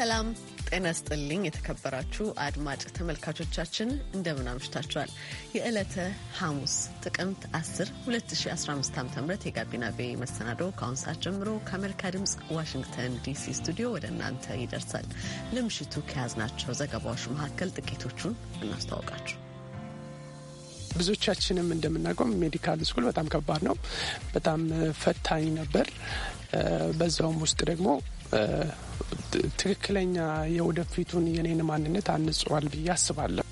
ሰላም ጤና ስጥልኝ። የተከበራችሁ አድማጭ ተመልካቾቻችን እንደምን አምሽታችኋል? የዕለተ ሐሙስ ጥቅምት 10 2015 ዓ.ም የጋቢና ቤ መሰናዶ ከአሁን ሰዓት ጀምሮ ከአሜሪካ ድምፅ ዋሽንግተን ዲሲ ስቱዲዮ ወደ እናንተ ይደርሳል። ለምሽቱ ከያዝናቸው ዘገባዎች መካከል ጥቂቶቹን እናስተዋውቃችሁ። ብዙዎቻችንም እንደምናውቀው ሜዲካል ስኩል በጣም ከባድ ነው። በጣም ፈታኝ ነበር። በዛውም ውስጥ ደግሞ ትክክለኛ የወደፊቱን የኔን ማንነት አንጽዋል ብዬ አስባለሁ።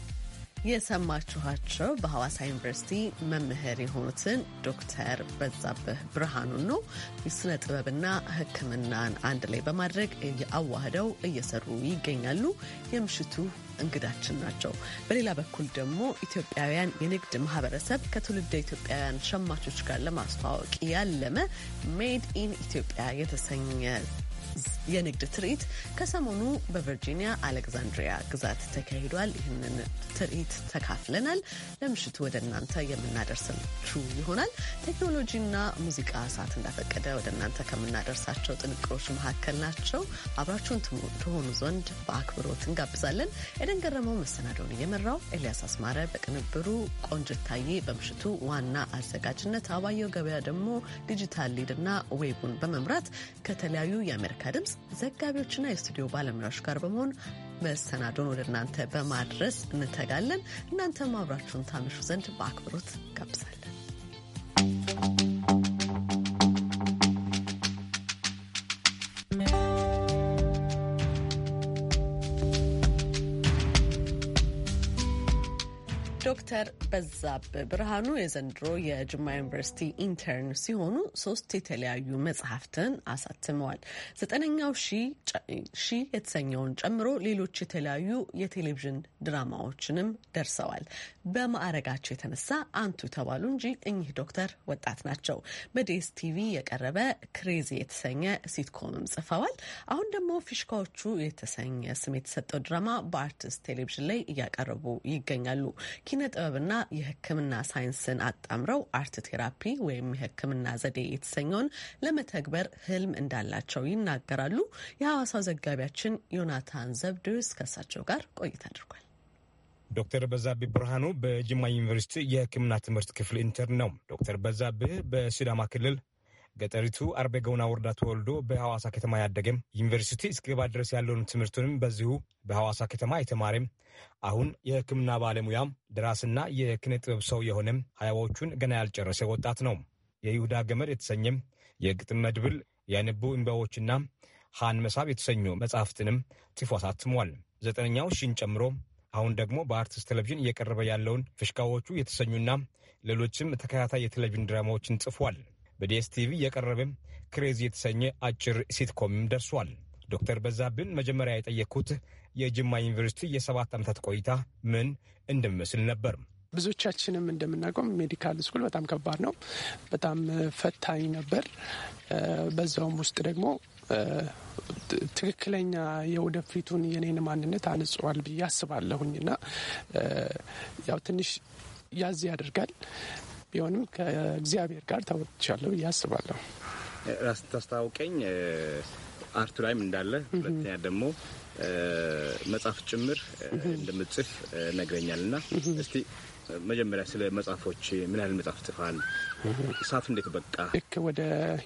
የሰማችኋቸው በሐዋሳ ዩኒቨርሲቲ መምህር የሆኑትን ዶክተር በዛብህ ብርሃኑን ነው። ስነ ጥበብና ሕክምናን አንድ ላይ በማድረግ አዋህደው እየሰሩ ይገኛሉ። የምሽቱ እንግዳችን ናቸው። በሌላ በኩል ደግሞ ኢትዮጵያውያን የንግድ ማህበረሰብ ከትውልደ ኢትዮጵያውያን ሸማቾች ጋር ለማስተዋወቅ ያለመ ሜድ ኢን ኢትዮጵያ የተሰኘ us. የንግድ ትርኢት ከሰሞኑ በቨርጂኒያ አሌክዛንድሪያ ግዛት ተካሂዷል። ይህንን ትርኢት ተካፍለናል። ለምሽቱ ወደ እናንተ የምናደርስችሁ ይሆናል። ቴክኖሎጂና ሙዚቃ ሰዓት እንዳፈቀደ ወደ እናንተ ከምናደርሳቸው ጥንቅሮች መካከል ናቸው። አብራችሁን ትሆኑ ዘንድ በአክብሮት እንጋብዛለን። ኤደን ገረመው መሰናዶውን እየመራው፣ ኤልያስ አስማረ በቅንብሩ፣ ቆንጅታዬ በምሽቱ ዋና አዘጋጅነት፣ አባየው ገበያ ደግሞ ዲጂታል ሊድና ዌቡን በመምራት ከተለያዩ የአሜሪካ ድምፅ ዘጋቢዎችና የስቱዲዮ ባለሙያዎች ጋር በመሆን መሰናዶን ወደ እናንተ በማድረስ እንተጋለን። እናንተ ማብራችሁን ታመሹ ዘንድ በአክብሮት ጋብዛል። ዶክተር በዛብ ብርሃኑ የዘንድሮ የጅማ ዩኒቨርሲቲ ኢንተርን ሲሆኑ ሶስት የተለያዩ መጽሐፍትን አሳትመዋል። ዘጠነኛው ሺ የተሰኘውን ጨምሮ ሌሎች የተለያዩ የቴሌቪዥን ድራማዎችንም ደርሰዋል። በማዕረጋቸው የተነሳ አንቱ ተባሉ እንጂ እኚህ ዶክተር ወጣት ናቸው። በዴስ ቲቪ የቀረበ ክሬዚ የተሰኘ ሲትኮምም ጽፈዋል። አሁን ደግሞ ፊሽካዎቹ የተሰኘ ስም የተሰጠው ድራማ በአርትስት ቴሌቪዥን ላይ እያቀረቡ ይገኛሉ። ኪነ ጥበብና የሕክምና ሳይንስን አጣምረው አርት ቴራፒ ወይም የሕክምና ዘዴ የተሰኘውን ለመተግበር ህልም እንዳላቸው ይናገራሉ። የሐዋሳው ዘጋቢያችን ዮናታን ዘብዴዎስ ከእሳቸው ጋር ቆይታ አድርጓል። ዶክተር በዛብህ ብርሃኑ በጅማ ዩኒቨርሲቲ የህክምና ትምህርት ክፍል ኢንተርን ነው። ዶክተር በዛብህ በሲዳማ ክልል ገጠሪቱ አርቤ ገውና ወረዳ ተወልዶ በሐዋሳ ከተማ ያደገም ዩኒቨርሲቲ እስኪገባ ድረስ ያለውን ትምህርቱንም በዚሁ በሐዋሳ ከተማ የተማረም አሁን የሕክምና ባለሙያም ደራስና የኪነ ጥበብ ሰው የሆነም ሀያዎቹን ገና ያልጨረሰ ወጣት ነው። የይሁዳ ገመድ የተሰኘም የግጥም መድብል የንቡ እንባዎችና ሀን መሳብ የተሰኙ መጽሐፍትንም ጽፎ አሳትሟል። ዘጠነኛው ሺን ጨምሮ አሁን ደግሞ በአርትስ ቴሌቪዥን እየቀረበ ያለውን ፍሽካዎቹ የተሰኙና ሌሎችም ተከታታይ የቴሌቪዥን ድራማዎችን ጽፏል። በዲኤስቲቪ የቀረበ ክሬዚ የተሰኘ አጭር ሲትኮምም ደርሷል። ዶክተር በዛብን መጀመሪያ የጠየቅኩት የጅማ ዩኒቨርሲቲ የሰባት ዓመታት ቆይታ ምን እንደሚመስል ነበር። ብዙዎቻችንም እንደምናውቀው ሜዲካል ስኩል በጣም ከባድ ነው። በጣም ፈታኝ ነበር። በዛውም ውስጥ ደግሞ ትክክለኛ የወደፊቱን የኔን ማንነት አንጽዋል ብዬ አስባለሁኝ እና ያው ትንሽ ያዝ ያደርጋል ቢሆንም ከእግዚአብሔር ጋር ተወጥቻለሁ ብዬ አስባለሁ። ራስ ታስታውቀኝ አርቱ ላይም እንዳለ ሁለተኛ ደግሞ መጽሐፍ ጭምር እንደምትጽፍ ነግረኛል እና እስቲ መጀመሪያ ስለ መጽሐፎች ምን ያህል መጽሐፍ ጽፋል? ሳፍ እንዴት በቃ ልክ ወደ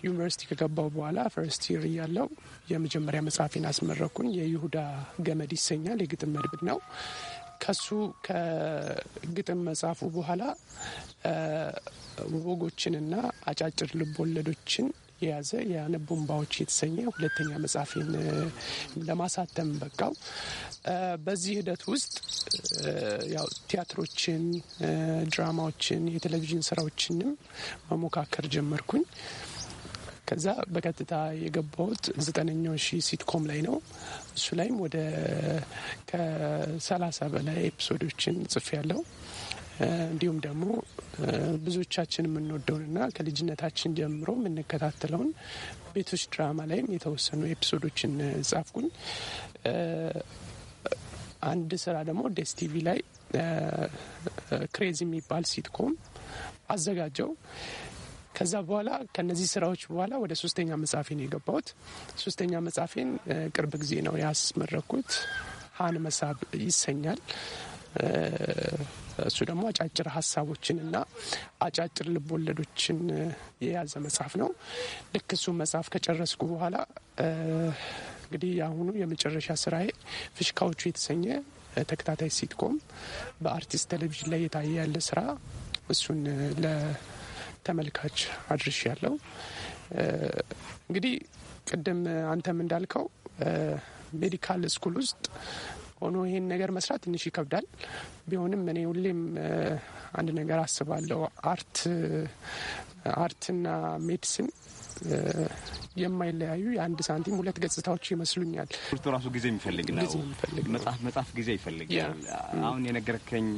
ዩኒቨርሲቲ ከገባው በኋላ ፈርስት ይር እያለው የመጀመሪያ መጽሐፊን አስመረኩኝ። የይሁዳ ገመድ ይሰኛል። የግጥም መድብድ ነው። ከሱ ከግጥም መጽሐፉ በኋላ ወጎችንና አጫጭር ልብወለዶችን የያዘ የአነብ የተሰኘ ሁለተኛ መጽሐፌን ለማሳተም በቃው። በዚህ ሂደት ውስጥ ያው ቲያትሮችን፣ ድራማዎችን፣ የቴሌቪዥን ስራዎችንም መሞካከር ጀመርኩኝ። ከዛ በቀጥታ የገባሁት ዘጠነኛው ሺ ሲትኮም ላይ ነው። እሱ ላይም ወደ ከሰላሳ በላይ ኤፒሶዶችን ጽፌ ያለው እንዲሁም ደግሞ ብዙዎቻችን የምንወደውንና ከልጅነታችን ጀምሮ የምንከታተለውን ቤቶች ድራማ ላይም የተወሰኑ ኤፒሶዶችን ጻፍኩኝ። አንድ ስራ ደግሞ ቲቪ ላይ ክሬዚ የሚባል ሲትኮም አዘጋጀው። ከዛ በኋላ ከነዚህ ስራዎች በኋላ ወደ ሶስተኛ መጽሐፌ ነው የገባሁት። ሶስተኛ መጽሐፌን ቅርብ ጊዜ ነው ያስመረኩት። ሀን መሳብ ይሰኛል። እሱ ደግሞ አጫጭር ሀሳቦችን እና አጫጭር ወለዶችን የያዘ መጽሐፍ ነው። ልክ እሱ መጽሐፍ ከጨረስኩ በኋላ እንግዲህ የአሁኑ የመጨረሻ ስራዬ ፍሽካዎቹ የተሰኘ ተከታታይ ሲትኮም በአርቲስት ቴሌቪዥን ላይ የታየ ያለ ስራ እሱን ተመልካች አድርሽ ያለው እንግዲህ ቅድም አንተም እንዳልከው ሜዲካል ስኩል ውስጥ ሆኖ ይሄን ነገር መስራት ትንሽ ይከብዳል። ቢሆንም እኔ ሁሌም አንድ ነገር አስባለሁ። አርት አርትና ሜዲሲን የማይለያዩ የአንድ ሳንቲም ሁለት ገጽታዎች ይመስሉኛል። ቱ ራሱ ጊዜ የሚፈልግ ነው። መጽሐፍ ጊዜ ይፈልጋል። አሁን የነገርከኝ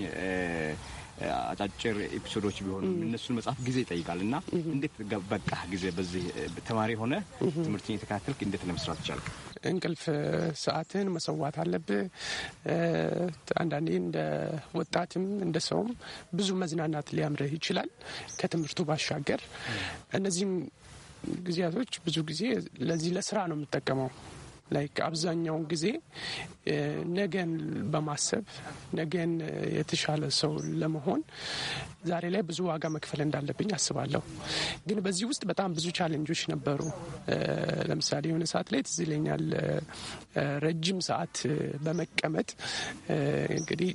አጫጭር ኤፒሶዶች ቢሆኑ እነሱን መጽሐፍ ጊዜ ይጠይቃል እና እንዴት በቃ ጊዜ በዚህ ተማሪ ሆነ ትምህርትን የተከታተልክ እንዴት ለመስራት ይቻልክ? እንቅልፍ ሰዓትን መሰዋት አለብህ። አንዳንዴ እንደ ወጣትም እንደ ሰውም ብዙ መዝናናት ሊያምርህ ይችላል። ከትምህርቱ ባሻገር እነዚህም ጊዜያቶች ብዙ ጊዜ ለዚህ ለስራ ነው የምጠቀመው ላይክ አብዛኛውን ጊዜ ነገን በማሰብ ነገን የተሻለ ሰው ለመሆን ዛሬ ላይ ብዙ ዋጋ መክፈል እንዳለብኝ አስባለሁ። ግን በዚህ ውስጥ በጣም ብዙ ቻለንጆች ነበሩ። ለምሳሌ የሆነ ሰዓት ላይ ትዝ ይለኛል ረጅም ሰዓት በመቀመጥ እንግዲህ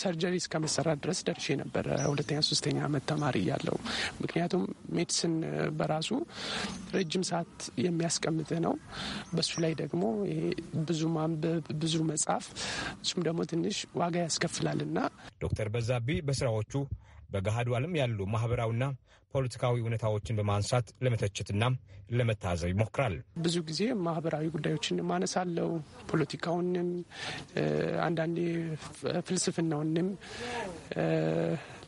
ሰርጀሪ እስከ ድረስ ደርሼ ነበረ ሁለተኛ ሶስተኛ አመት ተማሪ እያለሁ። ምክንያቱም ሜዲሲን በራሱ ረጅም ሰዓት የሚያስቀምጥ ነው። በሱ ላይ ደግሞ ብዙ ማንበብ፣ ብዙ መጻፍ፣ እሱም ደግሞ ትንሽ ዋጋ ያስከፍላል ያስከፍላልና ዶክተር በዛቢ በስራዎቹ በገሃዱ ዓለም ያሉ ማህበራዊና ፖለቲካዊ እውነታዎችን በማንሳት ለመተቸትና ለመታዘብ ይሞክራል። ብዙ ጊዜ ማህበራዊ ጉዳዮችን ማነሳለው፣ ፖለቲካውንም፣ አንዳንዴ ፍልስፍናውንም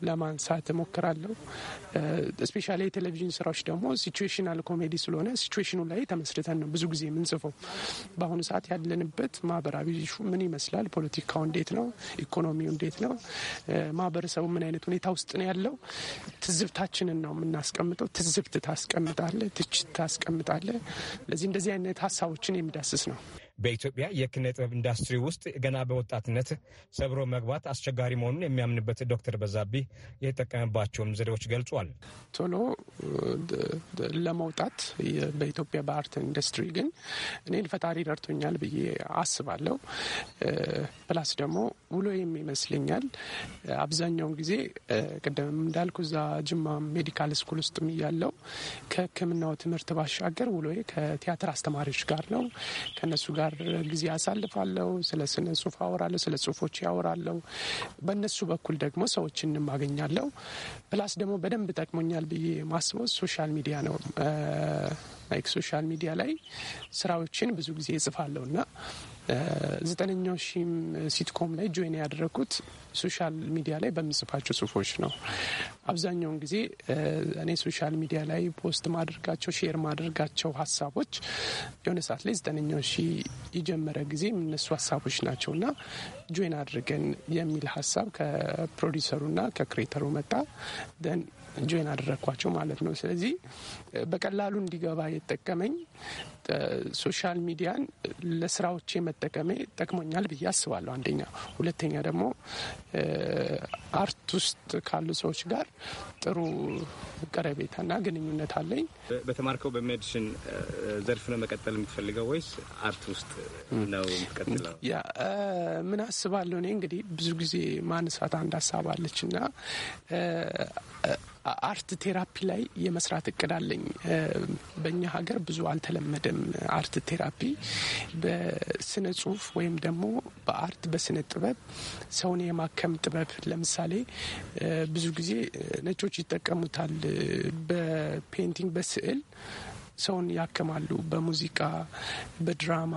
ለማንሳት እሞክራለሁ። ስፔሻሊ የቴሌቪዥን ስራዎች ደግሞ ሲቹዌሽናል ኮሜዲ ስለሆነ ሲዌሽኑ ላይ ተመስርተን ነው ብዙ ጊዜ የምንጽፈው። በአሁኑ ሰዓት ያለንበት ማህበራዊ ምን ይመስላል፣ ፖለቲካው እንዴት ነው፣ ኢኮኖሚው እንዴት ነው፣ ማህበረሰቡ ምን አይነት ሁኔታ ውስጥ ነው ያለው፣ ትዝብታችንን ነው የምናስቀምጠው። ትዝብት ታስቀምጣለ፣ ትችት ታስቀምጣለ። ለዚህ እንደዚህ አይነት ሀሳቦችን የሚዳስስ ነው። በኢትዮጵያ የኪነ ጥበብ ኢንዱስትሪ ውስጥ ገና በወጣትነት ሰብሮ መግባት አስቸጋሪ መሆኑን የሚያምንበት ዶክተር በዛቢ የተጠቀመባቸውም ዘዴዎች ገልጿል። ቶሎ ለመውጣት በኢትዮጵያ በአርት ኢንዱስትሪ ግን እኔን ፈጣሪ ረድቶኛል ብዬ አስባለሁ። ፕላስ ደግሞ ውሎዬም ይመስለኛል አብዛኛውን ጊዜ ቅድም እንዳልኩ እዛ ጅማ ሜዲካል ስኩል ውስጥም እያለው ከሕክምናው ትምህርት ባሻገር ውሎዬ ከቲያትር አስተማሪዎች ጋር ነው ከነሱ ጋር ጋር ጊዜ አሳልፋለሁ። ስለ ስነ ጽሁፍ አወራለሁ፣ ስለ ጽሁፎች ያወራለሁ። በእነሱ በኩል ደግሞ ሰዎችን ማገኛለሁ። ፕላስ ደግሞ በደንብ ጠቅሞኛል ብዬ ማስበው ሶሻል ሚዲያ ነው። ላይክ ሶሻል ሚዲያ ላይ ስራዎችን ብዙ ጊዜ እጽፋለሁ እና ዘጠነኛው ሺም ሲትኮም ላይ ጆይን ያደረግኩት ሶሻል ሚዲያ ላይ በምጽፋቸው ጽሁፎች ነው። አብዛኛውን ጊዜ እኔ ሶሻል ሚዲያ ላይ ፖስት ማድረጋቸው ሼር ማድረጋቸው ሀሳቦች የሆነ ሰዓት ላይ ዘጠነኛው ሺ የጀመረ ጊዜ የምነሱ ሀሳቦች ናቸው እና ጆይን አድርገን የሚል ሀሳብ ከፕሮዲሰሩና ከክሬተሩ መጣ ደን እንጆይን አደረግኳቸው ማለት ነው። ስለዚህ በቀላሉ እንዲገባ የጠቀመኝ ሶሻል ሚዲያን ለስራዎቼ መጠቀሜ ጠቅሞኛል ብዬ አስባለሁ። አንደኛ፣ ሁለተኛ ደግሞ አርት ውስጥ ካሉ ሰዎች ጋር ጥሩ ቀረቤታና ግንኙነት አለኝ። በተማርከው በሜዲሲን ዘርፍ ነው መቀጠል የምትፈልገው ወይስ አርት ውስጥ ነው የምትቀጥለው? ያ ምን አስባለሁ እኔ እንግዲህ ብዙ ጊዜ ማንሳት አንድ ሀሳብ አለች እና አርት ቴራፒ ላይ የመስራት እቅድ አለኝ። በእኛ ሀገር ብዙ አልተለመደም። አርት ቴራፒ በስነ ጽሁፍ ወይም ደግሞ በአርት በስነ ጥበብ ሰውን የማከም ጥበብ ለምሳሌ ብዙ ጊዜ ነጮች ይጠቀሙታል። በፔንቲንግ በስዕል ሰውን ያክማሉ። በሙዚቃ፣ በድራማ፣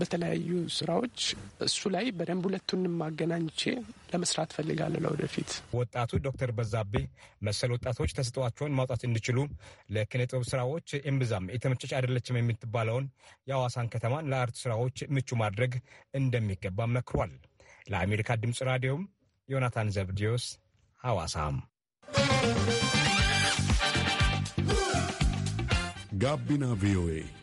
በተለያዩ ስራዎች እሱ ላይ በደንብ ሁለቱንም ማገናኝቼ ለመስራት ፈልጋለሁ ለወደፊት። ወጣቱ ዶክተር በዛቤ መሰል ወጣቶች ተሰጥኦአቸውን ማውጣት እንዲችሉ ለኪነ ጥበብ ስራዎች እምብዛም የተመቸች አይደለችም የምትባለውን የአዋሳን ከተማን ለአርት ስራዎች ምቹ ማድረግ እንደሚገባ መክሯል። ለአሜሪካ ድምፅ ራዲዮም ዮናታን ዘብዲዮስ ሐዋሳም ጋቢና ቪኦኤ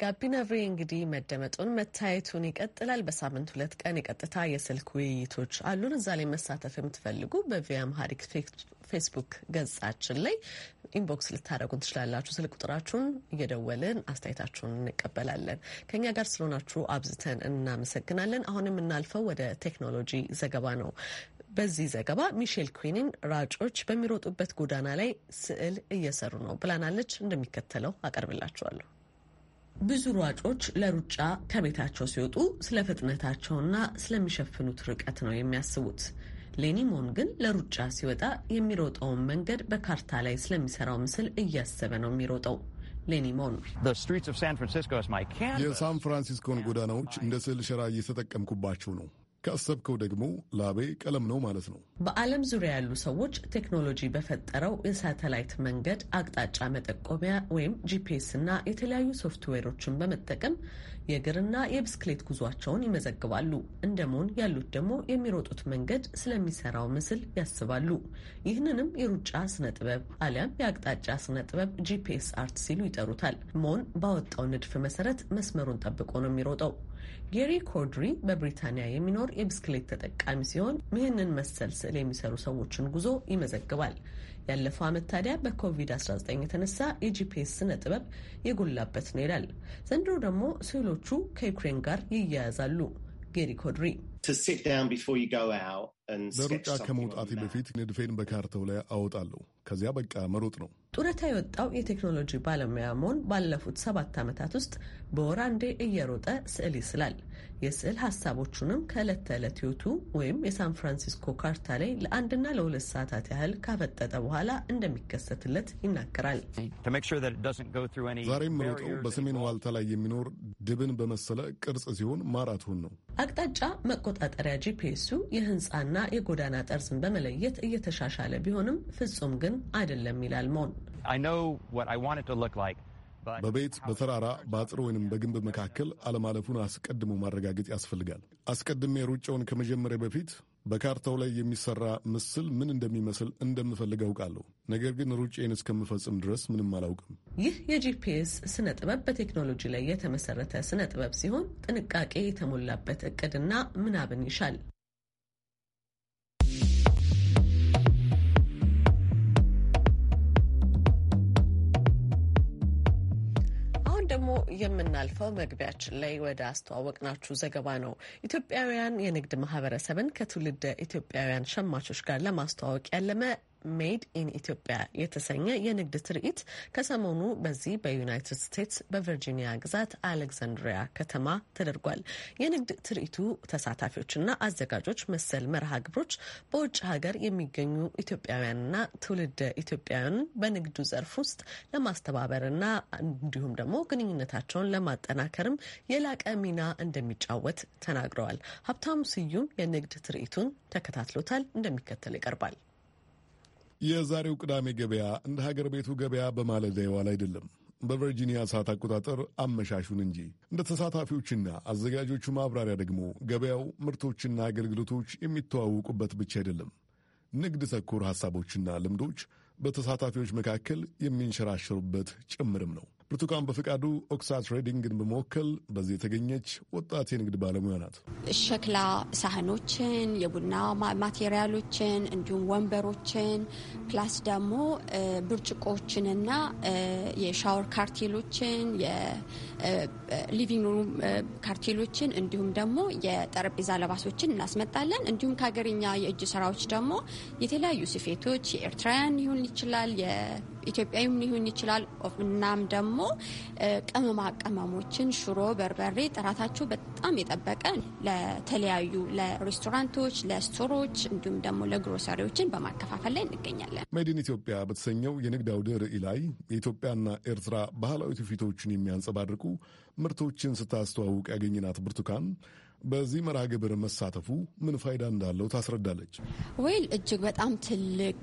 ጋቢና ቪ እንግዲህ መደመጡን መታየቱን ይቀጥላል። በሳምንት ሁለት ቀን የቀጥታ የስልክ ውይይቶች አሉን። እዛ ላይ መሳተፍ የምትፈልጉ በቪ አምሃሪክ ፌስቡክ ገጻችን ላይ ኢንቦክስ ልታደረጉን ትችላላችሁ። ስልክ ቁጥራችሁን እየደወልን አስተያየታችሁን እንቀበላለን። ከእኛ ጋር ስለሆናችሁ አብዝተን እናመሰግናለን። አሁን የምናልፈው ወደ ቴክኖሎጂ ዘገባ ነው። በዚህ ዘገባ ሚሼል ኩዊንን ራጮች በሚሮጡበት ጎዳና ላይ ስዕል እየሰሩ ነው ብላናለች። እንደሚከተለው አቀርብላችኋለሁ። ብዙ ሯጮች ለሩጫ ከቤታቸው ሲወጡ ስለ ፍጥነታቸውና ስለሚሸፍኑት ርቀት ነው የሚያስቡት። ሌኒሞን ግን ለሩጫ ሲወጣ የሚሮጠውን መንገድ በካርታ ላይ ስለሚሰራው ምስል እያሰበ ነው የሚሮጠው። ሌኒሞን የሳን ፍራንሲስኮን ጎዳናዎች እንደ ስዕል ሸራ እየተጠቀምኩባቸው ነው። ካሰብከው ደግሞ ላቤ ቀለም ነው ማለት ነው። በዓለም ዙሪያ ያሉ ሰዎች ቴክኖሎጂ በፈጠረው የሳተላይት መንገድ አቅጣጫ መጠቆሚያ ወይም ጂፒኤስ እና የተለያዩ ሶፍትዌሮችን በመጠቀም የእግርና የብስክሌት ጉዟቸውን ይመዘግባሉ። እንደ ሞን ያሉት ደግሞ የሚሮጡት መንገድ ስለሚሰራው ምስል ያስባሉ። ይህንንም የሩጫ ስነ ጥበብ አሊያም የአቅጣጫ ስነ ጥበብ ጂፒኤስ አርት ሲሉ ይጠሩታል። ሞን ባወጣው ንድፍ መሰረት መስመሩን ጠብቆ ነው የሚሮጠው። ጌሪ ኮድሪ በብሪታንያ የሚኖር የብስክሌት ተጠቃሚ ሲሆን ይህንን መሰል ስዕል የሚሰሩ ሰዎችን ጉዞ ይመዘግባል። ያለፈው ዓመት ታዲያ በኮቪድ-19 የተነሳ የጂፒኤስ ስነ ጥበብ የጎላበት ነው ይላል። ዘንድሮ ደግሞ ስዕሎቹ ከዩክሬን ጋር ይያያዛሉ። ጌሪ ኮድሪ ለሩጫ ከመውጣቴ በፊት ንድፌን በካርተው ላይ አወጣለሁ። ከዚያ በቃ መሮጥ ነው። ጡረታ የወጣው የቴክኖሎጂ ባለሙያ መሆን ባለፉት ሰባት ዓመታት ውስጥ በወር አንዴ እየሮጠ ስዕል ይስላል። የስዕል ሀሳቦቹንም ከዕለት ተዕለት ህይወቱ ወይም የሳን ፍራንሲስኮ ካርታ ላይ ለአንድና ለሁለት ሰዓታት ያህል ካፈጠጠ በኋላ እንደሚከሰትለት ይናገራል። ዛሬም ሮጠው በሰሜን ዋልታ ላይ የሚኖር ድብን በመሰለ ቅርጽ ሲሆን ማራቶን ነው። አቅጣጫ መቆጣጠሪያ ጂፒኤሱ የህንፃና የጎዳና ጠርዝን በመለየት እየተሻሻለ ቢሆንም ፍጹም ግን አይደለም ይላል መሆን በቤት በተራራ በአጥር ወይንም በግንብ መካከል አለማለፉን አስቀድሞ ማረጋገጥ ያስፈልጋል። አስቀድሜ ሩጫውን ከመጀመሪያ በፊት በካርታው ላይ የሚሰራ ምስል ምን እንደሚመስል እንደምፈልግ አውቃለሁ። ነገር ግን ሩጬን እስከምፈጽም ድረስ ምንም አላውቅም። ይህ የጂፒኤስ ስነ ጥበብ በቴክኖሎጂ ላይ የተመሰረተ ስነ ጥበብ ሲሆን ጥንቃቄ የተሞላበት እቅድና ምናብን ይሻል። የምናልፈው መግቢያችን ላይ ወደ አስተዋወቅናችሁ ዘገባ ነው። ኢትዮጵያውያን የንግድ ማህበረሰብን ከትውልደ ኢትዮጵያውያን ሸማቾች ጋር ለማስተዋወቅ ያለመ ሜድ ኢን ኢትዮጵያ የተሰኘ የንግድ ትርኢት ከሰሞኑ በዚህ በዩናይትድ ስቴትስ በቨርጂኒያ ግዛት አሌክዛንድሪያ ከተማ ተደርጓል። የንግድ ትርኢቱ ተሳታፊዎችና አዘጋጆች መሰል መርሃ ግብሮች በውጭ ሀገር የሚገኙ ኢትዮጵያውያንና ትውልደ ኢትዮጵያውያንን በንግዱ ዘርፍ ውስጥ ለማስተባበርና እንዲሁም ደግሞ ግንኙነታቸውን ለማጠናከርም የላቀ ሚና እንደሚጫወት ተናግረዋል። ሀብታሙ ስዩም የንግድ ትርኢቱን ተከታትሎታል፣ እንደሚከተል ይቀርባል። የዛሬው ቅዳሜ ገበያ እንደ ሀገር ቤቱ ገበያ በማለዳ ይዋል አይደለም፣ በቨርጂኒያ ሰዓት አቆጣጠር አመሻሹን እንጂ። እንደ ተሳታፊዎችና አዘጋጆቹ ማብራሪያ ደግሞ ገበያው ምርቶችና አገልግሎቶች የሚተዋውቁበት ብቻ አይደለም። ንግድ ተኮር ሐሳቦችና ልምዶች በተሳታፊዎች መካከል የሚንሸራሸሩበት ጭምርም ነው። ብርቱካን በፈቃዱ ኦክሳት ሬዲንግን በመወከል በዚህ የተገኘች ወጣት የንግድ ባለሙያ ናት። ሸክላ ሳህኖችን፣ የቡና ማቴሪያሎችን፣ እንዲሁም ወንበሮችን ፕላስ ደግሞ ብርጭቆችንና የሻወር ካርቴሎችን ሊቪንግ ሩም ካርቴሎችን እንዲሁም ደግሞ የጠረጴዛ ለባሶችን እናስመጣለን። እንዲሁም ከሀገርኛ የእጅ ስራዎች ደግሞ የተለያዩ ስፌቶች የኤርትራውያን ሊሆን ይችላል፣ ኢትዮጵያዊም ሊሆን ይችላል። እናም ደግሞ ቅመማ ቅመሞችን ሽሮ፣ በርበሬ ጥራታቸው በጣም የጠበቀ ለተለያዩ ለሬስቶራንቶች፣ ለስቶሮች እንዲሁም ደግሞ ለግሮሰሪዎችን በማከፋፈል ላይ እንገኛለን። ሜድን ኢትዮጵያ በተሰኘው የንግድ አውደ ርዕይ ላይ የኢትዮጵያና ኤርትራ ባህላዊ ትውፊቶችን የሚያንጸባርቁ ምርቶችን ስታስተዋውቅ ያገኝናት ብርቱካን በዚህ መርሃ ግብር መሳተፉ ምን ፋይዳ እንዳለው ታስረዳለች። ወይል እጅግ በጣም ትልቅ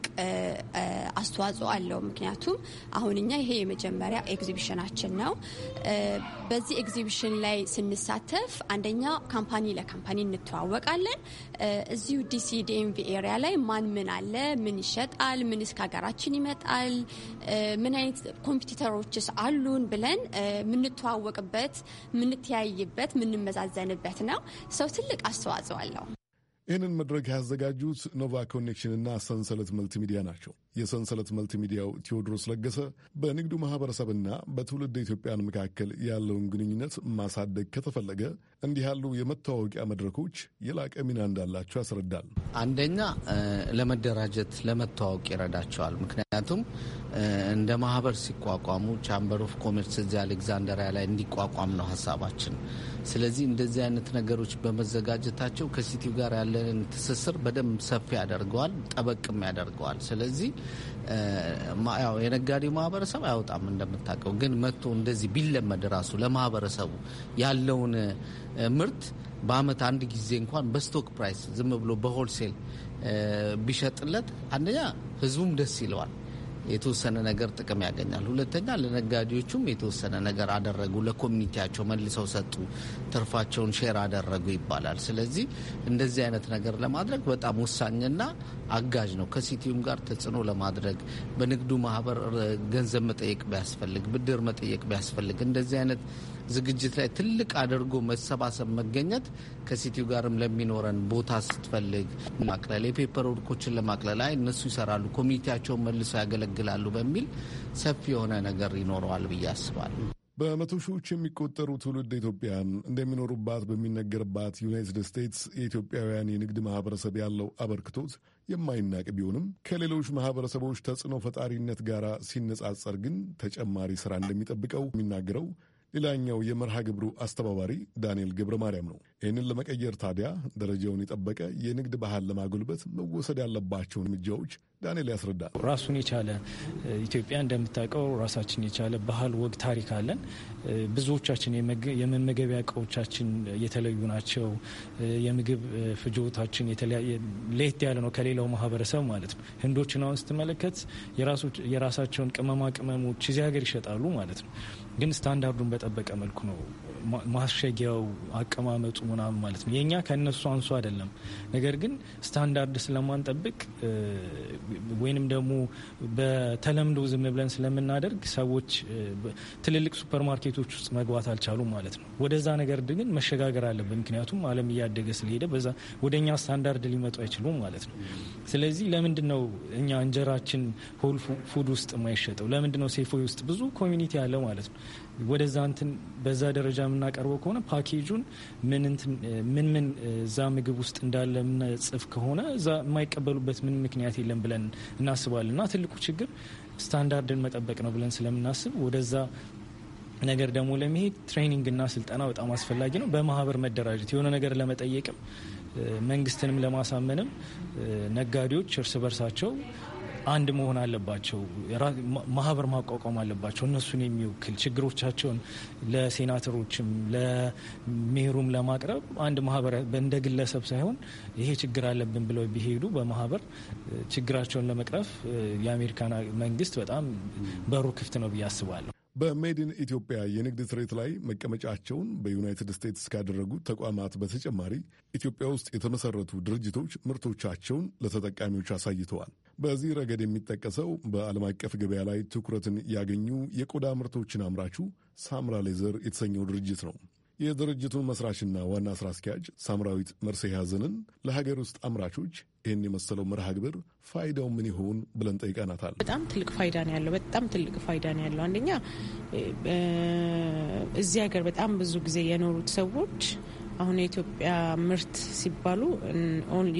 አስተዋጽኦ አለው። ምክንያቱም አሁን እኛ ይሄ የመጀመሪያ ኤግዚቢሽናችን ነው። በዚህ ኤግዚቢሽን ላይ ስንሳተፍ አንደኛ ካምፓኒ ለካምፓኒ እንተዋወቃለን። እዚሁ ዲሲ ዲኤምቪ ኤሪያ ላይ ማን ምን አለ፣ ምን ይሸጣል፣ ምን እስከ ሀገራችን ይመጣል፣ ምን አይነት ኮምፒውተሮችስ አሉን ብለን የምንተዋወቅበት፣ የምንተያይበት፣ የምንመዛዘንበት ነው። ሰው ትልቅ አስተዋጽኦ አለው። ይህንን መድረክ ያዘጋጁት ኖቫ ኮኔክሽንና ሰንሰለት መልቲሚዲያ ሚዲያ ናቸው። የሰንሰለት መልቲሚዲያው ሚዲያው ቴዎድሮስ ለገሰ በንግዱ ማህበረሰብና በትውልድ ኢትዮጵያን መካከል ያለውን ግንኙነት ማሳደግ ከተፈለገ እንዲህ ያሉ የመተዋወቂያ መድረኮች የላቀ ሚና እንዳላቸው ያስረዳል። አንደኛ ለመደራጀት ለመተዋወቅ ይረዳቸዋል። ምክንያቱም እንደ ማህበር ሲቋቋሙ ቻምበር ኦፍ ኮሜርስ እዚህ አሌግዛንደሪያ ላይ እንዲቋቋም ነው ሀሳባችን ስለዚህ እንደዚህ አይነት ነገሮች በመዘጋጀታቸው ከሲቲው ጋር ያለንን ትስስር በደንብ ሰፊ ያደርገዋል፣ ጠበቅም ያደርገዋል። ስለዚህ ያው የነጋዴው ማህበረሰብ አያወጣም እንደምታውቀው፣ ግን መጥቶ እንደዚህ ቢለመድ ራሱ ለማህበረሰቡ ያለውን ምርት በአመት አንድ ጊዜ እንኳን በስቶክ ፕራይስ ዝም ብሎ በሆልሴል ቢሸጥለት አንደኛ ህዝቡም ደስ ይለዋል። የተወሰነ ነገር ጥቅም ያገኛል። ሁለተኛ ለነጋዴዎቹም የተወሰነ ነገር አደረጉ፣ ለኮሚኒቲያቸው መልሰው ሰጡ፣ ትርፋቸውን ሼር አደረጉ ይባላል። ስለዚህ እንደዚህ አይነት ነገር ለማድረግ በጣም ወሳኝና አጋዥ ነው። ከሲቲዩም ጋር ተጽዕኖ ለማድረግ በንግዱ ማህበር ገንዘብ መጠየቅ ቢያስፈልግ፣ ብድር መጠየቅ ቢያስፈልግ እንደዚህ አይነት ዝግጅት ላይ ትልቅ አድርጎ መሰባሰብ መገኘት ከሲቲው ጋርም ለሚኖረን ቦታ ስትፈልግ ማቅለል የፔፐር ወርቆችን ለማቅለል አይ እነሱ ይሰራሉ ኮሚኒቲያቸውን መልሰው ያገለግላሉ በሚል ሰፊ የሆነ ነገር ይኖረዋል ብዬ አስባለሁ። በመቶ ሺዎች የሚቆጠሩ ትውልድ ኢትዮጵያን እንደሚኖሩባት በሚነገርባት ዩናይትድ ስቴትስ የኢትዮጵያውያን የንግድ ማህበረሰብ ያለው አበርክቶት የማይናቅ ቢሆንም ከሌሎች ማህበረሰቦች ተጽዕኖ ፈጣሪነት ጋር ሲነጻጸር ግን ተጨማሪ ስራ እንደሚጠብቀው የሚናገረው ሌላኛው የመርሃ ግብሩ አስተባባሪ ዳንኤል ገብረ ማርያም ነው። ይህንን ለመቀየር ታዲያ ደረጃውን የጠበቀ የንግድ ባህል ለማጎልበት መወሰድ ያለባቸውን እርምጃዎች ዳንኤል ያስረዳል። ራሱን የቻለ ኢትዮጵያ እንደምታውቀው ራሳችን የቻለ ባህል፣ ወግ፣ ታሪክ አለን። ብዙዎቻችን የመመገቢያ እቃዎቻችን የተለዩ ናቸው። የምግብ ፍጆታችን ለየት ያለ ነው ከሌላው ማህበረሰብ ማለት ነው። ህንዶችን አሁን ስትመለከት የራሳቸውን ቅመማ ቅመሞች እዚህ ሀገር ይሸጣሉ ማለት ነው። ግን ስታንዳርዱን በጠበቀ መልኩ ነው ማሸጊያው አቀማመጡ ምናምን ማለት ነው። የእኛ ከእነሱ አንሱ አይደለም። ነገር ግን ስታንዳርድ ስለማንጠብቅ ወይንም ደግሞ በተለምዶ ዝም ብለን ስለምናደርግ ሰዎች ትልልቅ ሱፐር ማርኬቶች ውስጥ መግባት አልቻሉም ማለት ነው። ወደዛ ነገር ግን መሸጋገር አለብን። ምክንያቱም ዓለም እያደገ ስለሄደ በዛ ወደ እኛ ስታንዳርድ ሊመጡ አይችሉም ማለት ነው። ስለዚህ ለምንድን ነው እኛ እንጀራችን ሆል ፉድ ውስጥ የማይሸጠው? ለምንድን ነው ሴፎ ውስጥ ብዙ ኮሚኒቲ አለ ማለት ነው። ወደዛ እንትን በዛ ደረጃ የምናቀርበው ከሆነ ፓኬጁን ምን ምን እዛ ምግብ ውስጥ እንዳለ ምንጽፍ ከሆነ እዛ የማይቀበሉበት ምን ምክንያት የለም ብለን እናስባለን። እና ትልቁ ችግር ስታንዳርድን መጠበቅ ነው ብለን ስለምናስብ ወደዛ ነገር ደግሞ ለመሄድ ትሬኒንግ እና ስልጠና በጣም አስፈላጊ ነው። በማህበር መደራጀት የሆነ ነገር ለመጠየቅም መንግስትንም ለማሳመንም ነጋዴዎች እርስ በርሳቸው አንድ መሆን አለባቸው። ማህበር ማቋቋም አለባቸው። እነሱን የሚወክል ችግሮቻቸውን ለሴናተሮችም ለሜሩም ለማቅረብ አንድ ማህበር እንደ ግለሰብ ሳይሆን ይሄ ችግር አለብን ብለው ቢሄዱ በማህበር ችግራቸውን ለመቅረፍ የአሜሪካን መንግስት በጣም በሩ ክፍት ነው ብዬ አስባለሁ። በሜድን ኢትዮጵያ የንግድ ትርኢት ላይ መቀመጫቸውን በዩናይትድ ስቴትስ ካደረጉ ተቋማት በተጨማሪ ኢትዮጵያ ውስጥ የተመሰረቱ ድርጅቶች ምርቶቻቸውን ለተጠቃሚዎች አሳይተዋል። በዚህ ረገድ የሚጠቀሰው በዓለም አቀፍ ገበያ ላይ ትኩረትን ያገኙ የቆዳ ምርቶችን አምራቹ ሳምራ ሌዘር የተሰኘው ድርጅት ነው። የድርጅቱን መስራችና ዋና ስራ አስኪያጅ ሳምራዊት መርሴ ሀዘንን ለሀገር ውስጥ አምራቾች ይህን የመሰለው መርሃ ግብር ፋይዳው ምን ይሆን ብለን ጠይቀናታል። በጣም ትልቅ ፋይዳ ነው ያለው። በጣም ትልቅ ፋይዳ ነው ያለው። አንደኛ እዚህ ሀገር በጣም ብዙ ጊዜ የኖሩት ሰዎች አሁን የኢትዮጵያ ምርት ሲባሉ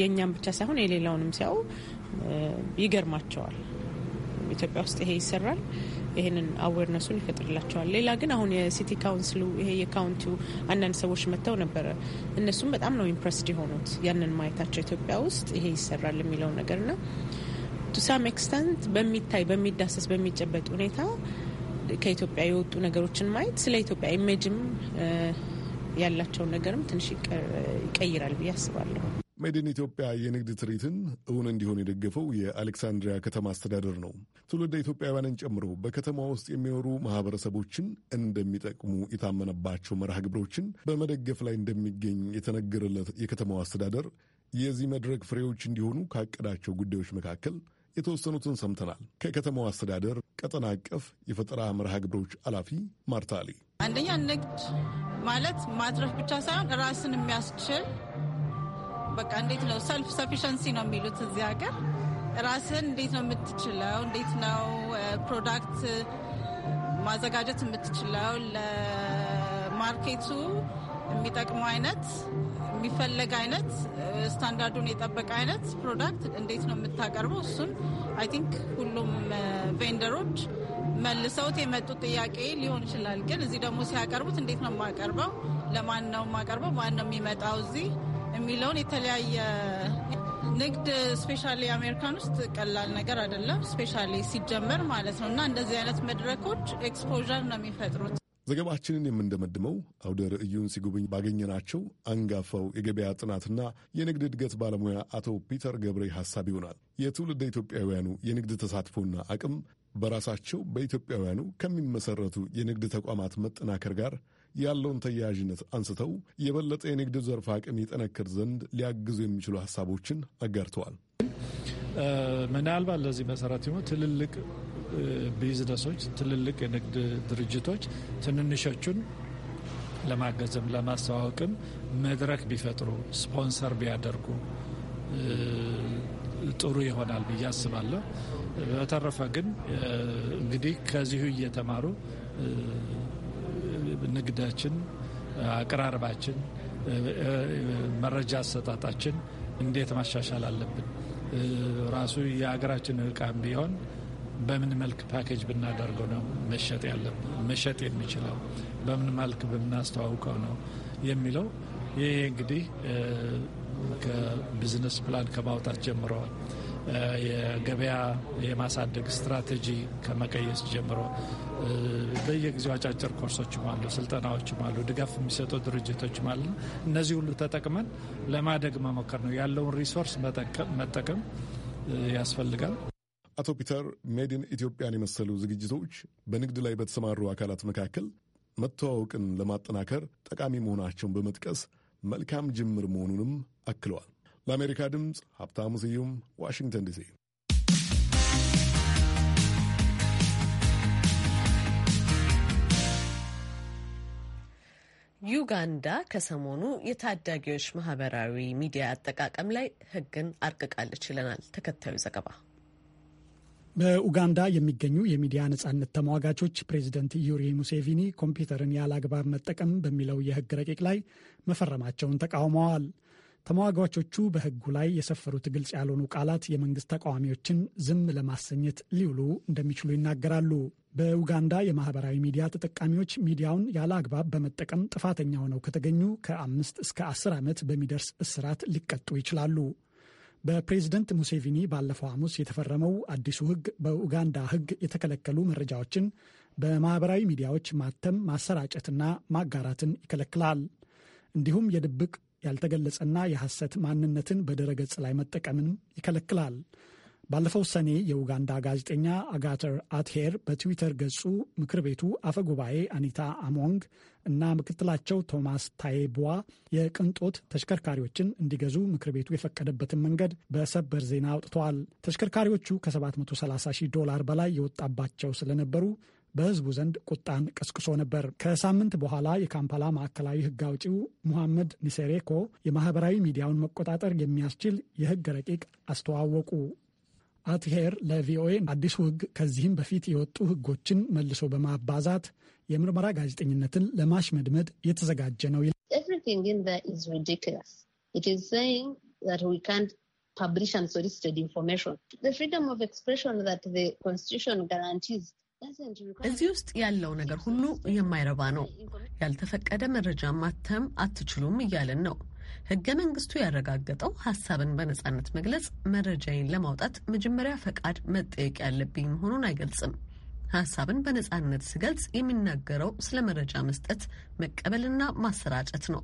የእኛም ብቻ ሳይሆን የሌላውንም ሲያው ይገርማቸዋል። ኢትዮጵያ ውስጥ ይሄ ይሰራል። ይህንን አዌርነሱን ይፈጥርላቸዋል። ሌላ ግን አሁን የሲቲ ካውንስሉ ይሄ የካውንቲው አንዳንድ ሰዎች መጥተው ነበረ። እነሱም በጣም ነው ኢምፕረስድ የሆኑት ያንን ማየታቸው ኢትዮጵያ ውስጥ ይሄ ይሰራል የሚለው ነገር ና ቱ ሳም ኤክስተንት በሚታይ በሚዳሰስ በሚጨበጥ ሁኔታ ከኢትዮጵያ የወጡ ነገሮችን ማየት ስለ ኢትዮጵያ ኢሜጅም ያላቸውን ነገርም ትንሽ ይቀይራል ብዬ አስባለሁ። ሜድን ኢትዮጵያ የንግድ ትርኢትን እውን እንዲሆን የደገፈው የአሌክሳንድሪያ ከተማ አስተዳደር ነው። ትውልደ ኢትዮጵያውያንን ጨምሮ በከተማ ውስጥ የሚኖሩ ማህበረሰቦችን እንደሚጠቅሙ የታመነባቸው መርሃ ግብሮችን በመደገፍ ላይ እንደሚገኝ የተነገረለት የከተማው አስተዳደር የዚህ መድረክ ፍሬዎች እንዲሆኑ ካቀዳቸው ጉዳዮች መካከል የተወሰኑትን ሰምተናል። ከከተማው አስተዳደር ቀጠና አቀፍ የፈጠራ መርሃ ግብሮች ኃላፊ ማርታ አንደኛ ንግድ ማለት ማትረፍ ብቻ ሳይሆን ራስን የሚያስችል በቃ እንዴት ነው ሰልፍ ሰፊሸንሲ ነው የሚሉት እዚህ ሀገር። ራስን እንዴት ነው የምትችለው? እንዴት ነው ፕሮዳክት ማዘጋጀት የምትችለው? ለማርኬቱ የሚጠቅመው አይነት የሚፈለግ አይነት ስታንዳርዱን የጠበቀ አይነት ፕሮዳክት እንዴት ነው የምታቀርበው? እሱን አይ ቲንክ ሁሉም ቬንደሮች መልሰውት የመጡት ጥያቄ ሊሆን ይችላል። ግን እዚህ ደግሞ ሲያቀርቡት እንዴት ነው የማቀርበው? ለማን ነው የማቀርበው? ማን ነው የሚመጣው እዚህ የሚለውን የተለያየ ንግድ ስፔሻሊ አሜሪካን ውስጥ ቀላል ነገር አይደለም። ስፔሻሊ ሲጀመር ማለት ነው እና እንደዚህ አይነት መድረኮች ኤክስፖዠር ነው የሚፈጥሩት። ዘገባችንን የምንደመድመው አውደ ርዕዩን ሲጎበኝ ባገኘናቸው አንጋፋው የገበያ ጥናትና የንግድ እድገት ባለሙያ አቶ ፒተር ገብሬ ሀሳብ ይሆናል። የትውልድ ኢትዮጵያውያኑ የንግድ ተሳትፎና አቅም በራሳቸው በኢትዮጵያውያኑ ከሚመሰረቱ የንግድ ተቋማት መጠናከር ጋር ያለውን ተያያዥነት አንስተው የበለጠ የንግድ ዘርፍ አቅም ይጠነክር ዘንድ ሊያግዙ የሚችሉ ሀሳቦችን አጋርተዋል። ምናልባት ለዚህ መሰረት ሆኑ ትልልቅ ቢዝነሶች፣ ትልልቅ የንግድ ድርጅቶች ትንንሾቹን ለማገዘም ለማስተዋወቅም መድረክ ቢፈጥሩ ስፖንሰር ቢያደርጉ ጥሩ ይሆናል ብዬ አስባለሁ። በተረፈ ግን እንግዲህ ከዚሁ እየተማሩ ንግዳችን፣ አቀራረባችን፣ መረጃ አሰጣጣችን እንዴት ማሻሻል አለብን፣ ራሱ የሀገራችን እቃም ቢሆን በምን መልክ ፓኬጅ ብናደርገው ነው መሸጥ ያለብን መሸጥ የሚችለው በምን መልክ ብናስተዋውቀው ነው የሚለው ይህ እንግዲህ ከቢዝነስ ፕላን ከማውጣት ጀምረዋል። የገበያ የማሳደግ ስትራቴጂ ከመቀየስ ጀምሮ በየጊዜው አጫጭር ኮርሶችም አሉ፣ ስልጠናዎችም አሉ፣ ድጋፍ የሚሰጡ ድርጅቶችም አሉ። እነዚህ ሁሉ ተጠቅመን ለማደግ መሞከር ነው። ያለውን ሪሶርስ መጠቀም ያስፈልጋል። አቶ ፒተር ሜድን ኢትዮጵያን የመሰሉ ዝግጅቶች በንግድ ላይ በተሰማሩ አካላት መካከል መተዋወቅን ለማጠናከር ጠቃሚ መሆናቸውን በመጥቀስ መልካም ጅምር መሆኑንም አክለዋል። ለአሜሪካ ድምፅ ሀብታሙ ስዩም ዋሽንግተን ዲሲ። ዩጋንዳ ከሰሞኑ የታዳጊዎች ማህበራዊ ሚዲያ አጠቃቀም ላይ ሕግን አርቅቃለች ይለናል ተከታዩ ዘገባ። በኡጋንዳ የሚገኙ የሚዲያ ነጻነት ተሟጋቾች ፕሬዚደንት ዩሪ ሙሴቪኒ ኮምፒውተርን ያለ አግባብ መጠቀም በሚለው የሕግ ረቂቅ ላይ መፈረማቸውን ተቃውመዋል። ተመዋጋቾቹ በህጉ ላይ የሰፈሩት ግልጽ ያልሆኑ ቃላት የመንግስት ተቃዋሚዎችን ዝም ለማሰኘት ሊውሉ እንደሚችሉ ይናገራሉ። በኡጋንዳ የማህበራዊ ሚዲያ ተጠቃሚዎች ሚዲያውን ያለ አግባብ በመጠቀም ጥፋተኛ ሆነው ከተገኙ ከአምስት እስከ አስር ዓመት በሚደርስ እስራት ሊቀጡ ይችላሉ። በፕሬዝደንት ሙሴቪኒ ባለፈው ሐሙስ የተፈረመው አዲሱ ህግ በኡጋንዳ ህግ የተከለከሉ መረጃዎችን በማህበራዊ ሚዲያዎች ማተም ማሰራጨትና ማጋራትን ይከለክላል። እንዲሁም የድብቅ ያልተገለጸና የሐሰት ማንነትን በድረገጽ ላይ መጠቀምንም ይከለክላል። ባለፈው ሰኔ የኡጋንዳ ጋዜጠኛ አጋተር አትሄር በትዊተር ገጹ ምክር ቤቱ አፈ ጉባኤ አኒታ አሞንግ እና ምክትላቸው ቶማስ ታይቧ የቅንጦት ተሽከርካሪዎችን እንዲገዙ ምክር ቤቱ የፈቀደበትን መንገድ በሰበር ዜና አውጥተዋል። ተሽከርካሪዎቹ ከ730 ዶላር በላይ የወጣባቸው ስለነበሩ በህዝቡ ዘንድ ቁጣን ቀስቅሶ ነበር። ከሳምንት በኋላ የካምፓላ ማዕከላዊ ህግ አውጪው ሙሐመድ ኒሴሬኮ የማህበራዊ ሚዲያውን መቆጣጠር የሚያስችል የህግ ረቂቅ አስተዋወቁ። አትሄር ለቪኦኤ አዲሱ ህግ ከዚህም በፊት የወጡ ህጎችን መልሶ በማባዛት የምርመራ ጋዜጠኝነትን ለማሽመድመድ የተዘጋጀ ነው። ፐብሊሽ አንድ ሶሊሲትድ ኢንፎርሜሽን ፍሪደም ኦፍ ኤክስፕሬሽን ኮንስቲቱሽን ጋራንቲስ እዚህ ውስጥ ያለው ነገር ሁሉ የማይረባ ነው። ያልተፈቀደ መረጃ ማተም አትችሉም እያልን ነው። ህገ መንግስቱ ያረጋገጠው ሀሳብን በነጻነት መግለጽ መረጃዬን ለማውጣት መጀመሪያ ፈቃድ መጠየቅ ያለብኝ መሆኑን አይገልጽም። ሀሳብን በነጻነት ስገልጽ የሚናገረው ስለ መረጃ መስጠት መቀበልና ማሰራጨት ነው።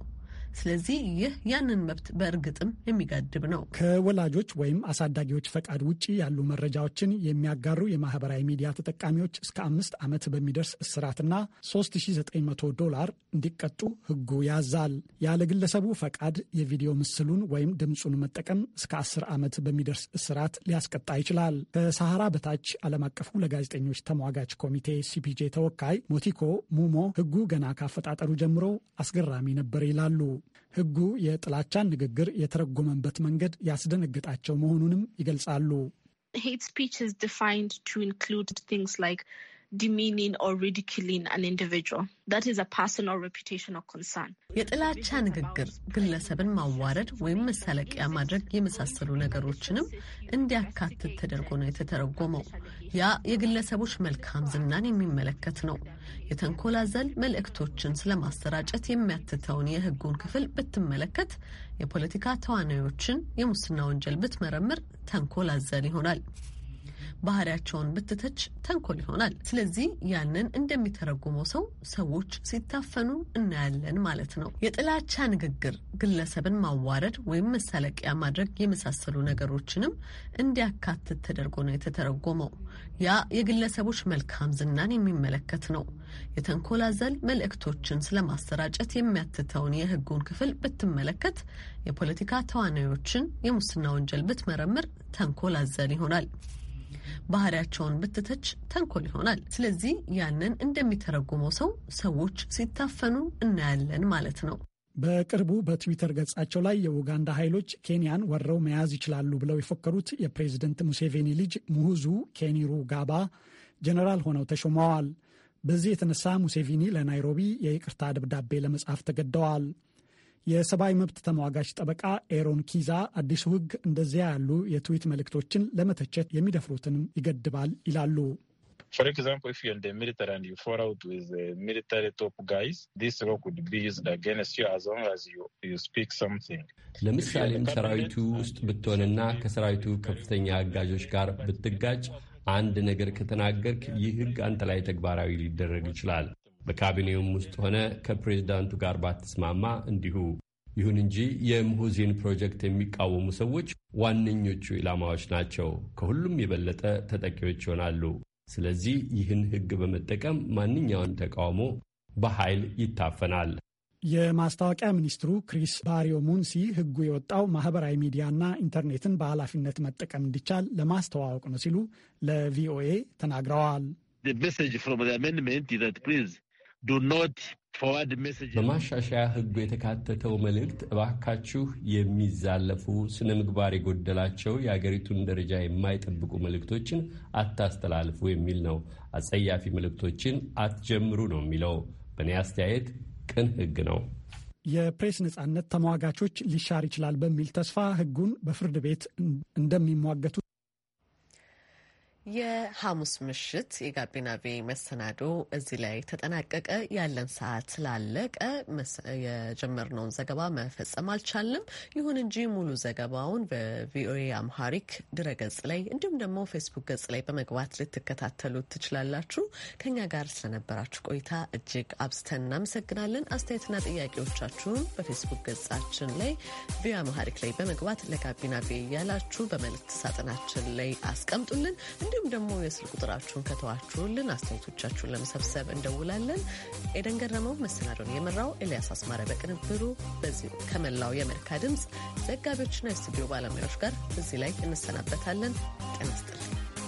ስለዚህ ይህ ያንን መብት በእርግጥም የሚገድብ ነው። ከወላጆች ወይም አሳዳጊዎች ፈቃድ ውጭ ያሉ መረጃዎችን የሚያጋሩ የማህበራዊ ሚዲያ ተጠቃሚዎች እስከ አምስት ዓመት በሚደርስ እስራትና 3900 ዶላር እንዲቀጡ ህጉ ያዛል። ያለ ግለሰቡ ፈቃድ የቪዲዮ ምስሉን ወይም ድምፁን መጠቀም እስከ 10 ዓመት በሚደርስ እስራት ሊያስቀጣ ይችላል። ከሰሃራ በታች ዓለም አቀፉ ለጋዜጠኞች ተሟጋች ኮሚቴ ሲፒጄ ተወካይ ሞቲኮ ሙሞ ህጉ ገና ካፈጣጠሩ ጀምሮ አስገራሚ ነበር ይላሉ። ሕጉ የጥላቻን ንግግር የተረጎመበት መንገድ ያስደነግጣቸው መሆኑንም ይገልጻሉ። ሄት ስፒች is defined to include things like demeaning or ridiculing an individual. That is a personal reputation or concern. የጥላቻ ንግግር ግለሰብን ማዋረድ ወይም መሳለቂያ ማድረግ የመሳሰሉ ነገሮችንም እንዲያካትት ተደርጎ ነው የተተረጎመው። ያ የግለሰቦች መልካም ዝናን የሚመለከት ነው። የተንኮላዘል መልእክቶችን ስለማሰራጨት የሚያትተውን የህጉን ክፍል ብትመለከት የፖለቲካ ተዋናዮችን የሙስና ወንጀል ብትመረምር ተንኮል አዘል ይሆናል። ባህሪያቸውን ብትተች ተንኮል ይሆናል። ስለዚህ ያንን እንደሚተረጉመው ሰው ሰዎች ሲታፈኑ እናያለን ማለት ነው። የጥላቻ ንግግር ግለሰብን ማዋረድ ወይም መሳለቂያ ማድረግ የመሳሰሉ ነገሮችንም እንዲያካትት ተደርጎ ነው የተተረጎመው። ያ የግለሰቦች መልካም ዝናን የሚመለከት ነው። የተንኮል አዘል መልእክቶችን ስለማሰራጨት የሚያትተውን የህጉን ክፍል ብትመለከት የፖለቲካ ተዋናዮችን የሙስና ወንጀል ብትመረምር ተንኮል አዘል ይሆናል። ባህሪያቸውን ብትተች ተንኮል ይሆናል። ስለዚህ ያንን እንደሚተረጉመው ሰው ሰዎች ሲታፈኑ እናያለን ማለት ነው። በቅርቡ በትዊተር ገጻቸው ላይ የኡጋንዳ ኃይሎች ኬንያን ወረው መያዝ ይችላሉ ብለው የፎከሩት የፕሬዝደንት ሙሴቬኒ ልጅ ሙሁዙ ኬኒሩ ጋባ ጀነራል ሆነው ተሾመዋል። በዚህ የተነሳ ሙሴቪኒ ለናይሮቢ የይቅርታ ደብዳቤ ለመጻፍ ተገደዋል። የሰብአዊ መብት ተሟጋች ጠበቃ ኤሮን ኪዛ አዲሱ ህግ እንደዚያ ያሉ የትዊት መልእክቶችን ለመተቸት የሚደፍሩትንም ይገድባል ይላሉ። uh, ለምሳሌም ሰራዊቱ ውስጥ ብትሆንና ከሰራዊቱ ከፍተኛ አጋዦች ጋር ብትጋጭ አንድ ነገር ከተናገርክ ይህ ህግ አንተ ላይ ተግባራዊ ሊደረግ ይችላል። በካቢኔውም ውስጥ ሆነ ከፕሬዚዳንቱ ጋር ባትስማማ እንዲሁ። ይሁን እንጂ የምሁዚን ፕሮጀክት የሚቃወሙ ሰዎች ዋነኞቹ ኢላማዎች ናቸው፣ ከሁሉም የበለጠ ተጠቂዎች ይሆናሉ። ስለዚህ ይህን ሕግ በመጠቀም ማንኛውም ተቃውሞ በኃይል ይታፈናል። የማስታወቂያ ሚኒስትሩ ክሪስ ባሪዮ ሙንሲ ሕጉ የወጣው ማህበራዊ ሚዲያና ኢንተርኔትን በኃላፊነት መጠቀም እንዲቻል ለማስተዋወቅ ነው ሲሉ ለቪኦኤ ተናግረዋል። በማሻሻያ ህጉ የተካተተው መልእክት እባካችሁ የሚዛለፉ ስነ ምግባር የጎደላቸው የአገሪቱን ደረጃ የማይጠብቁ መልእክቶችን አታስተላልፉ የሚል ነው። አጸያፊ መልእክቶችን አትጀምሩ ነው የሚለው። በእኔ አስተያየት ቅን ህግ ነው። የፕሬስ ነጻነት ተሟጋቾች ሊሻር ይችላል በሚል ተስፋ ህጉን በፍርድ ቤት እንደሚሟገቱ የሐሙስ ምሽት የጋቢና ቤ መሰናዶ እዚህ ላይ ተጠናቀቀ። ያለን ሰዓት ስላለቀ የጀመርነውን ዘገባ መፈጸም አልቻልንም። ይሁን እንጂ ሙሉ ዘገባውን በቪኦኤ አምሃሪክ ድረገጽ ላይ እንዲሁም ደግሞ ፌስቡክ ገጽ ላይ በመግባት ልትከታተሉ ትችላላችሁ። ከኛ ጋር ስለነበራችሁ ቆይታ እጅግ አብዝተን እናመሰግናለን። አስተያየትና ጥያቄዎቻችሁን በፌስቡክ ገጻችን ላይ ቪኦኤ አምሃሪክ ላይ በመግባት ለጋቢና ቤ እያላችሁ በመልእክት ሳጥናችን ላይ አስቀምጡልን። እንዲሁም ደግሞ የስልክ ቁጥራችሁን ከተዋችሁልን አስተያየቶቻችሁን ለመሰብሰብ እንደውላለን። ኤደን ገረመው መሰናዶን የመራው ኤልያስ አስማረ በቅንብሩ በዚሁ ከመላው የአሜሪካ ድምፅ ዘጋቢዎችና የስቱዲዮ ባለሙያዎች ጋር እዚህ ላይ እንሰናበታለን። ጤና ይስጥልኝ።